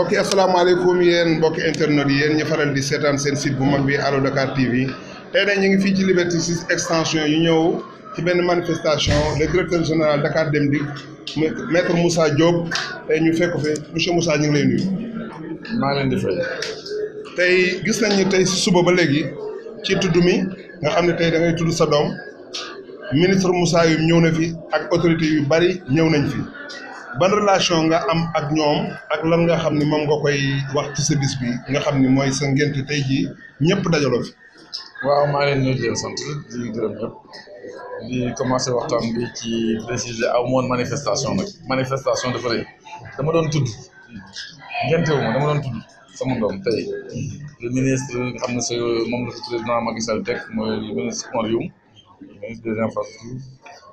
mbokki asalaamaaleykum yéen mbokki internet yéen ñu faral di seetaan seen site bu mag bi Allo Dakar TV tey nag ñu ngi fii ci Liberté 6 extension yi ñëw ci benn manifestation le directeur général Dakar Dem Dikk metre Moussa Diop tey ñu fekk fe monsieur Moussa ñu ngi lay nuyu. maa leen di fay. tey gis nañ ni tey si suba ba léegi ci tudd mi nga xam ne tey da tudd sa doom ministre Moussa yu ñëw na fi ak autorité yu bari ñëw nañ fi. ban relation nga am ak ñoom ak lan nga xam ni moom nga koy wax ci sa bis bi nga xam ni mooy sa ngént tey jii ñëpp dajaloo fi. waaw maa leen nuyu di leen di gërëm waxtaan bi ci préciser aw moon manifestation nag manifestation dafa rëy dama doon tudd ngéntewu ma dama doon tudd sama doom tey le ministre nga xam ne sa moom la fi président Macky Sall teg mooy le ministre Oumar Youm ministre des infrastructures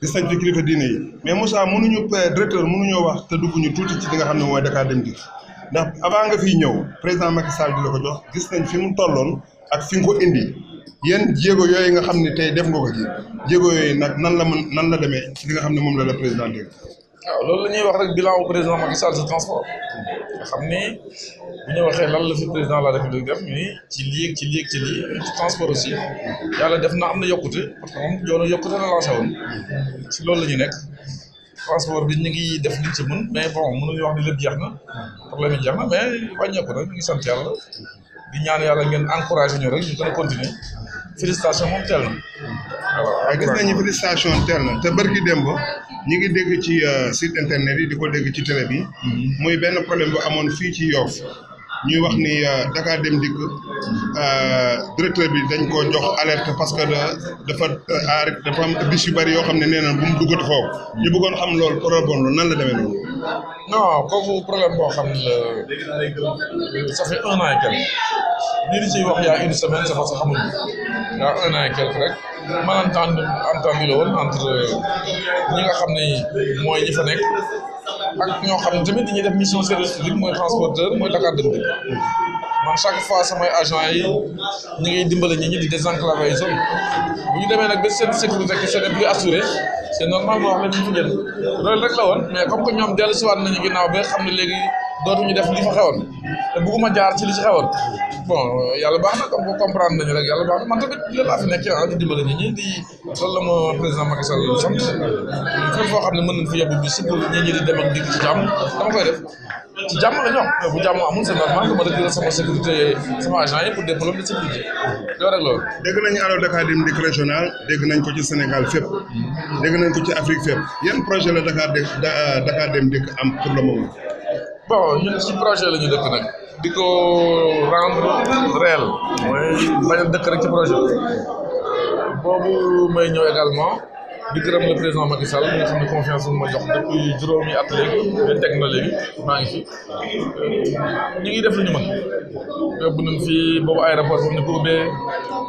gis nañ fi kilifa diine yi mais Moussa mënuñu directeur mënuñoo wax te dugguñu tuuti ci li nga xam ne mooy Dakar Dem Dikk ndax avant nga fiy ñëw président Macky Sall di la ko jox gis nañ fi mu tolloon ak fi nga ko indi yéen jéego yooyu nga xam ne tey def nga ko ji jéego yooyu nag nan la mën nan la demee ci li nga xam ne moom la la président dégg. waaw loolu la ñuy wax rek bilan au président Macky Sall si transport nga xam ni bu waxee lan la fi président de la république def ñu ci lii ci lii ci lii ci transport aussi yàlla def na am na yokkute parce que moom yoonu yokkute la lancé woon si loolu la ñu nekk transport bi ñu ngi def liñ ci mën mais bon mënuñu wax ni lépp jeex na problème yi jeex na mais wàññeeku na ñu ngi sant yàlla di ñaan yàlla ngeen encouragé ñu rek ñu gën a continuer félicitation ñi ngi dégg ci euh, site internet yi di ko dégg ci télé bi. Mm-hmm. muy benn problème bu amoon fii ci Yoff ñuy wax ni euh, Dakar Dem Dikk euh, directeur bi dañ ko jox alerte parce que dafa euh, dafa am bis yu bari yoo xam ne nee na bu mu duggati foofu. ñu bëggoon xam loolu problème loolu nan la demee noonu. non kooku problème boo xam ne ça fait un an et quelque lii di wax yaa une semaine ça fait sax xamuñu yaa un an et quelque rek malentendu entendu la woon entre ñi nga xam ne mooy ñi fa nekk. ak ñoo xam ne tamit dañuy def mission service public mooy transporteur mooy Dakar Dem Dikk man chaque fois samay agent yi ñu ngi dimbale nit ñi di désenclaver les zones bu ñu demee nag ba seen sécurité que seen plus assuré c' est normal moo wax leen ñu fi génn loolu rek la woon mais comme que ñoom dellusiwaat nañu ginnaaw ba xam ne léegi. dootuñu def li fa xewoon eh, te bëgguma jaar ci li ci xewoon bon yàlla baax na comme ko comprendre nañu rek yàlla baax man tamit fi nekk di dimbali ñi di loolu la ma président Macky Sall sant fépp foo xam mën nañ fa bi si pour ñi ñi di dem ak dikk ci jàmm dama koy def ci la bu amul c'est normal dama sama sécurité sama agent yi pour des problèmes de sécurité rek loolu dégg nañu alors Dakar Dem Dikk régional dégg nañ ko ci Sénégal fépp dégg nañ ko ci Afrique projet la Dakar Dakar am pour le moment bon ñun ci projet la ñu dëkk nag di ko rendre réel mooy bañ a dëkk rek ci projet boobu may ñëw également di gërëm le président Macky ma jox depuis juróomi at léegi nga teg ngi euh, ñu ngi def lu ñu mën yóbbu nañ fi boobu aéroport bi ñu ko ubbee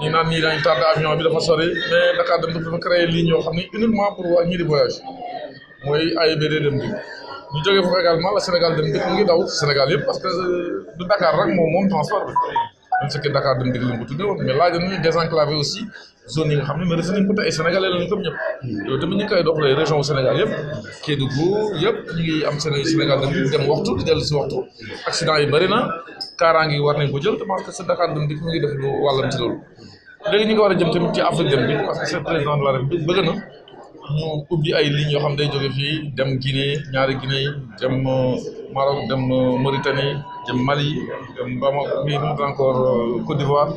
ñu naan ñii dañu tardé avion bi dafa sori mais Dakar dem dafa créé ligne yoo xam ne uniquement pour waa ñii di voyage mooy AIBD dem bi ñu jógee foofu également la Sénégal dem dikk mu ngi daw Sénégal yëpp parce que euh, du Dakar rek moom moom transport bi même ce que Dakar dem dikk lañ ko tuddee woon mais laaj nañu désenclavé aussi zone yi nga xam ne mérité ko te ay Sénégalais lañu comme ñëpp yow tamit ñu koy doxalee région Sénégal yëpp Kédougou yëpp ñu ngi am Sénégal dem dem waxtu di dellu si waxtu accident yi bëri na kaaraange yi war nañ ko jël te parce que sa Dakar dem dikk mu ngi def lu wàllam ci loolu léegi ñu ngi war a jëm tamit ci Afrique dem dikk parce que c'est président de la République bëgg na mu ubbi ay lignes yoo xam day jóge fii dem Guinée ñaari Guinée dem euh, Maroc dem euh, Mauritanie dem Mali dem Bamako bii mu encore euh, Côte d'Ivoire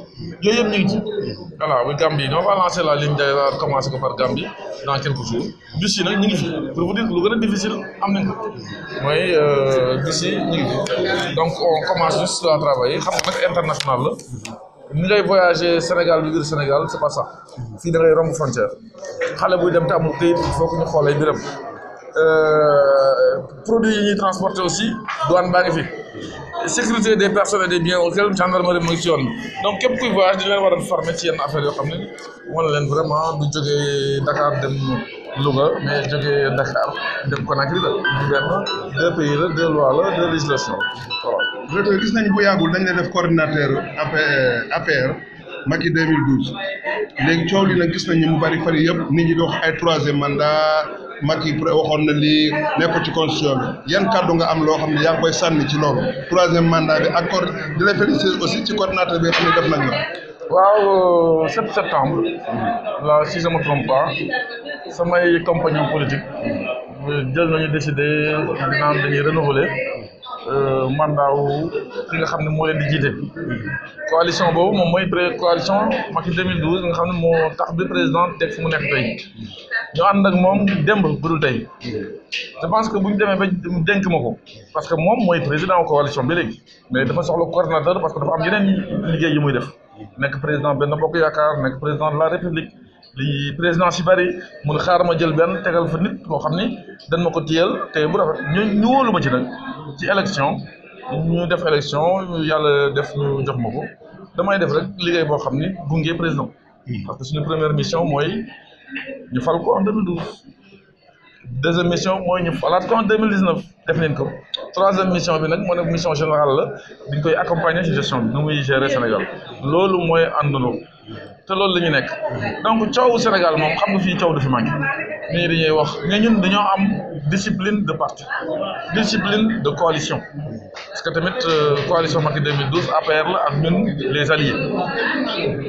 yooyu yëpp ñu ngi ci voilà fa lancé la ligne d'ailleurs commencé ko par Gambie dans quelques jours bis yi nag ñu a difficile am nañ ko mooy bis yi donc on commence juste à travailler xam nga nag international ni lay voyager Sénégal bi biir Sénégal c'est pas ça Fi da ngay romb frontière xale bu dem te amul këyit il faut que ñu xoolee euh, produits yi ñi transporter aussi douane baa ngi fi sécurité des personnes et des biens auxquels gendarmerie mooy ci yoon donc képp kuy voyage di leen war a former ci yenn affaire yoo xam ne wane leen vraiment du jógee Dakar dem. Louga mais jógee Dakar dem Conakry la benn deux pays la deux lois la deux législation voilà. directeur gis nañu bu yàggul dañ lay def coordinateur APR Macky 2012 léegi coow li nag gis nañu mu bari fan yëpp nit ñi di ay troisième mandat Macky waxoon na lii nekk ci constitution bi yan kàddu nga am loo xam ne yaa ngi sànni ci loolu troisième mandat bi accord la féliciter aussi ci coordinateur bi nga xam ne def nañ euh, la. waaw si je me trompe pas. samay compagnon politique jël nañu décider naan dañuy renouveler euh, mandat wu ki nga xam ne moo leen di jiite. coalition boobu moom mooy pré coalition Macky 2012 nga xam ne moo tax bi président teg fu mu nekk tey ñu ànd ak moom démb budul tey je pense demee ba dénk ma ko parce que moom mooy président coalition bi léegi mais dafa soxla coordinateur parce que dafa am yeneen liggéey yi muy def nekk président benn bokk yaakaar nekk président de la république. Le président sibari bari mun a jël benn tegal fa nit dan bu ñu ma ci ci élection ñu def élection ma def rek président. Hmm. parce que suñu première mission ñu en 2012. deuxième mission mooy ñu en 2019 def ko troisième mission bi mission générale la accompagner ci gestion bi Sénégal loolu te loolu la ñu nekk donc coowu Sénégal moom xam nga fii coow dafa manqué nit ñi dañuy wax ne ñun dañoo am discipline de parti discipline de coalition parce que tamit euh, coalition Macky 2012 APR la ak ñun les alliés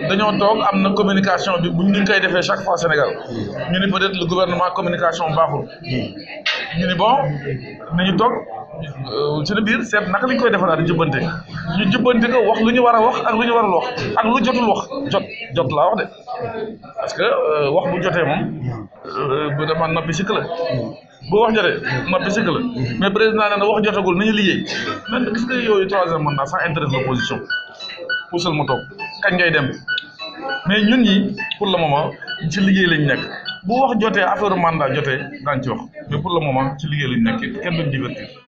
dañoo toog am na communication bi bu ñu koy defee chaque fois Sénégal ñu ni peut-être le gouvernement communication baaxul ñu ni bon nañu toog. suñu euh, biir seet naka lañ koy defaraat a jubbante ñu jubbante ko wax lu ñu war a wax ak lu ñu warul wax ak lu jotul wax jot jot la wax de parce que euh, wax bu jotee moom bu euh, dama noppi sikk la bu wax jotee noppi sikk la mais président nee na wax jotagul nañu liggéey man gis nga yooyu troisième mandat sans intérêt l'opposition puusal ma toog kañ ngay dem mais ñun ñi pour le moment ci liggéey lañ nekk bu wax jotee affaire mandat jotee daan ci wax mais pour le moment ci liggéey lañ nekk kenn duñ divertir